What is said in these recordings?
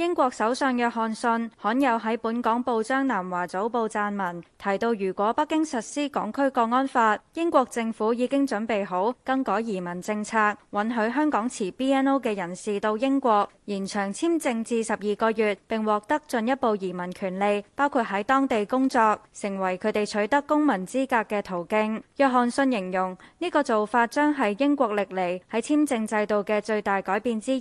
英國首相約翰遜罕有喺本港報章南華早報撰文，提到如果北京實施港區國安法，英國政府已經準備好更改移民政策，允許香港持 BNO 嘅人士到英國，延長簽證至十二個月，並獲得進一步移民權利，包括喺當地工作，成為佢哋取得公民資格嘅途徑。約翰遜形容呢個做法將係英國歷嚟喺簽證制度嘅最大改變之一。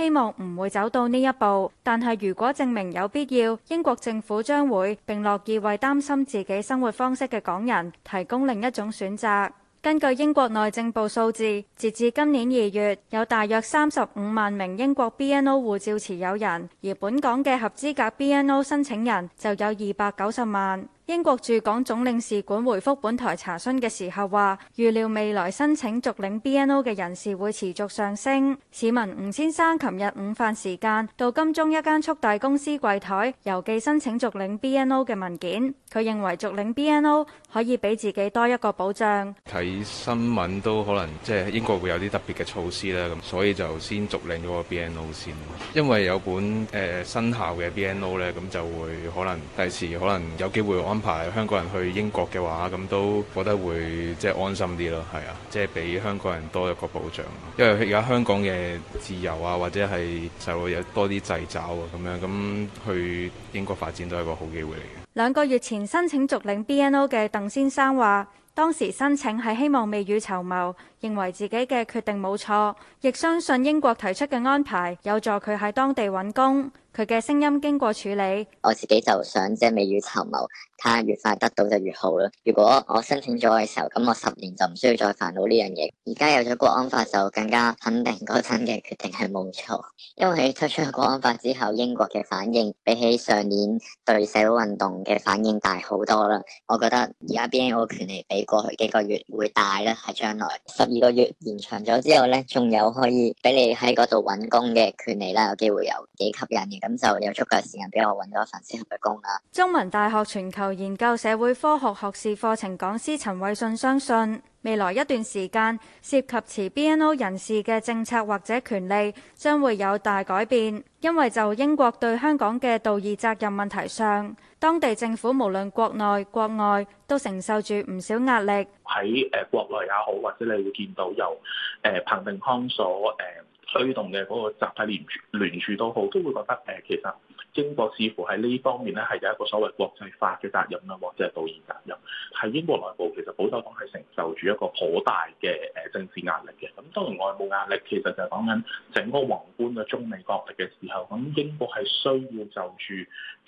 希望唔會走到呢一步，但係如果證明有必要，英國政府將會並樂意為擔心自己生活方式嘅港人提供另一種選擇。根據英國內政部數字，截至今年二月，有大約三十五萬名英國 BNO 護照持有人，而本港嘅合資格 BNO 申請人就有二百九十萬。英國駐港總領事館回覆本台查詢嘅時候話，預料未來申請續領 BNO 嘅人士會持續上升。市民吳先生琴日午飯時間到金鐘一間速遞公司櫃台郵寄申請續領 BNO 嘅文件。佢認為續領 BNO 可以俾自己多一個保障。睇新聞都可能，即係英國會有啲特別嘅措施啦，咁所以就先續領咗個 BNO 先。因為有本誒生效嘅 BNO 呢，咁、呃 NO, 就會可能第時可能有機會安。排香港人去英國嘅話，咁都覺得會即係安心啲咯，係啊，即係比香港人多一個保障。因為而家香港嘅自由啊，或者係就會有多啲掣肘啊，咁樣，咁去英國發展都係一個好機會嚟嘅。兩個月前申請續領 BNO 嘅鄧先生話，當時申請係希望未雨綢繆，認為自己嘅決定冇錯，亦相信英國提出嘅安排有助佢喺當地揾工。佢嘅聲音經過處理。我自己就想即未雨綢繆，睇下越快得到就越好啦。如果我申請咗嘅時候，咁我十年就唔需要再煩惱呢樣嘢。而家有咗國安法就更加肯定嗰陣嘅決定係冇錯，因為推出咗國安法之後，英國嘅反應比起上年對社會運動嘅反應大好多啦。我覺得而家 BNO 嘅權利比過去幾個月會大咧？喺將來十二個月延長咗之後呢，仲有可以俾你喺嗰度揾工嘅權利啦，有機會有幾吸引咁就有足夠時間俾我搵咗一份適合嘅工啦。中文大學全球研究社會科學學士課程講師陳偉信相信，未來一段時間涉及持 BNO 人士嘅政策或者權利，將會有大改變。因為就英國對香港嘅道義責任問題上，當地政府無論國內國外，都承受住唔少壓力。喺誒國內也好，或者你會見到由誒彭定康所誒。推動嘅個集體聯署，聯署都好，都會覺得誒其實英國似乎喺呢方面咧係有一個所謂國際化嘅責任啦，或者係道義責任。喺英國內部其實保守黨係承受住一個好大嘅誒政治壓力嘅。咁當然外務壓力其實就係講緊整個宏觀嘅中美角力嘅時候，咁英國係需要就住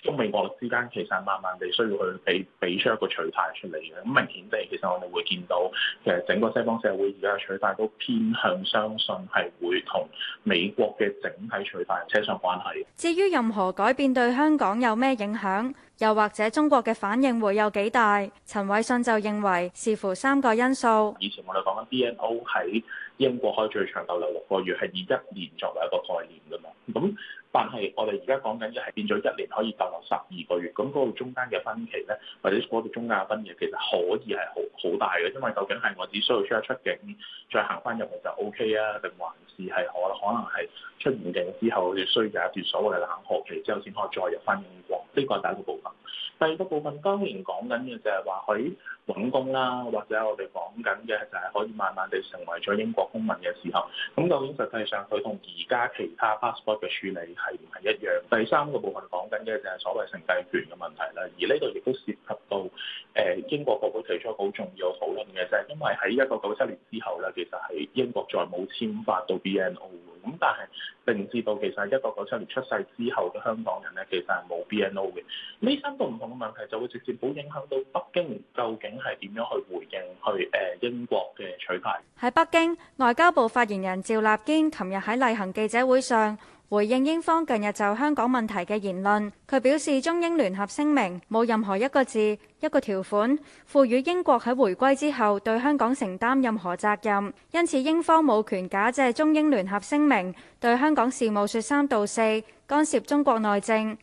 中美角力之間，其實慢慢地需要去俾俾出一個取態出嚟嘅。咁明顯地，其實我哋會見到其實整個西方社會而家嘅取態都偏向相信係會同美國嘅整體取態扯上關係。至於任何改變對香港有咩影響，又或者中國嘅反應會有幾大，陳偉信就認為視乎三個因素。以前我哋講緊 BNO 喺英國開最長逗留六個月，係以一年作為一個概念㗎嘛。咁但係我哋而家講緊嘅係變咗一年可以逗留十二個月。咁嗰度中間嘅分歧咧，或者嗰度中間嘅分歧其實可以係好好大嘅，因為究竟係我只需要出一出境再行翻入嚟就 OK 啊，定還是係可可能係出完境之後你需要有一段所謂嘅冷學期之後先可以再入翻英國。呢個係第一個部分。第二個部分，當然講緊嘅就係話可以揾工啦，或者我哋講緊嘅就係可以慢慢地成為咗英國公民嘅時候，咁究竟實際上佢同而家其他 passport 嘅處理係唔係一樣？第三個部分講緊嘅就係所謂承繼權嘅問題啦，而呢度亦都涉及到誒英國政府提出一個好重要討論嘅，就係因為喺一九九七年之後咧，其實喺英國再冇簽發到 BNO。咁但係並唔知道其實一九九七年出世之後嘅香港人咧，其實係冇 BNO 嘅。呢三個唔同嘅問題，就會直接好影響到。經究竟係點樣去回應去誒英國嘅取態？喺北京，外交部發言人趙立堅琴日喺例行記者會上回應英方近日就香港問題嘅言論，佢表示中英聯合聲明冇任何一個字、一個條款賦予英國喺回歸之後對香港承擔任何責任，因此英方冇權假借中英聯合聲明對香港事務説三道四，干涉中國內政。